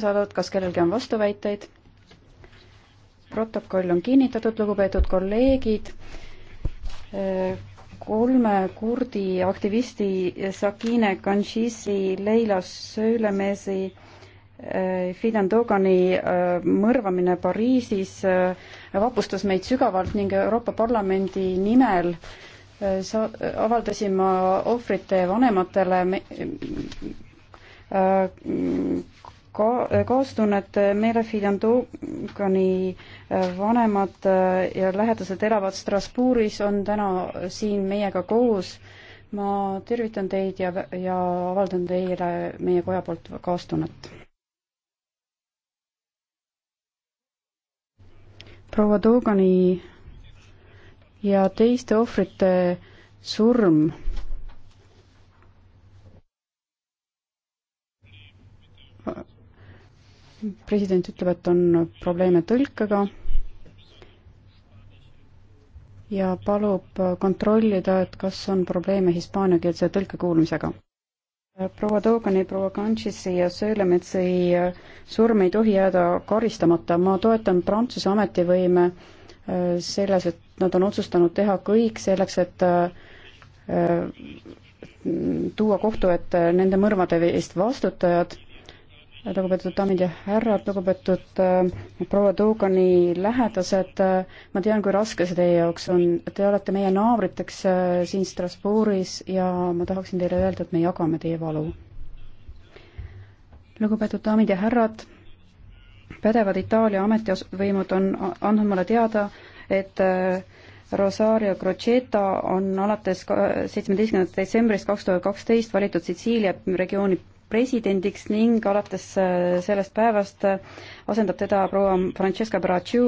saadud, kas kellelgi on vastuväiteid? protokoll on kinnitatud, lugupeetud kolleegid. kolme kurdi aktivisti Sakine Kanshisi, Leila Söylemesi, Fidan Dogani äh, mõrvamine Pariisis äh, vapustas meid sügavalt ning Euroopa Parlamendi nimel äh, sa-, avaldasin ma ohvrite vanematele me, ka-, kaastunnet, Merefid Andogani äh, vanemad äh, ja lähedased elavad Strasbourgis, on täna siin meiega koos. ma tervitan teid ja, ja avaldan teile meie koja poolt kaastunnet. proua Dogani ja teiste ohvrite surm president ütleb, et on probleeme tõlkega ja palub kontrollida, et kas on probleeme hispaaniakeelse tõlke kuulmisega. proua Togani, proua Kanchisi ja Söölemetsi surm ei tohi jääda karistamata, ma toetan Prantsuse ametivõime äh, selles, et nad on otsustanud teha kõik selleks, et äh, tuua kohtu ette nende mõrvade eest vastutajad lugupeetud daamid ja härrad, lugupeetud äh, proua Tugani lähedased äh,, ma tean, kui raske see teie jaoks on, te olete meie naabriteks äh, siin Strasbourgis ja ma tahaksin teile öelda, et me jagame teie valu. lugupeetud daamid ja härrad, pädevad Itaalia ametivõimud on andnud mulle teada, et äh, Rosario Crocetta on alates seitsmeteistkümnendast detsembrist kaks tuhat kaksteist valitud Sitsiilia regiooni presidendiks ning alates äh, sellest päevast äh, asendab teda proua Francesca Baracciu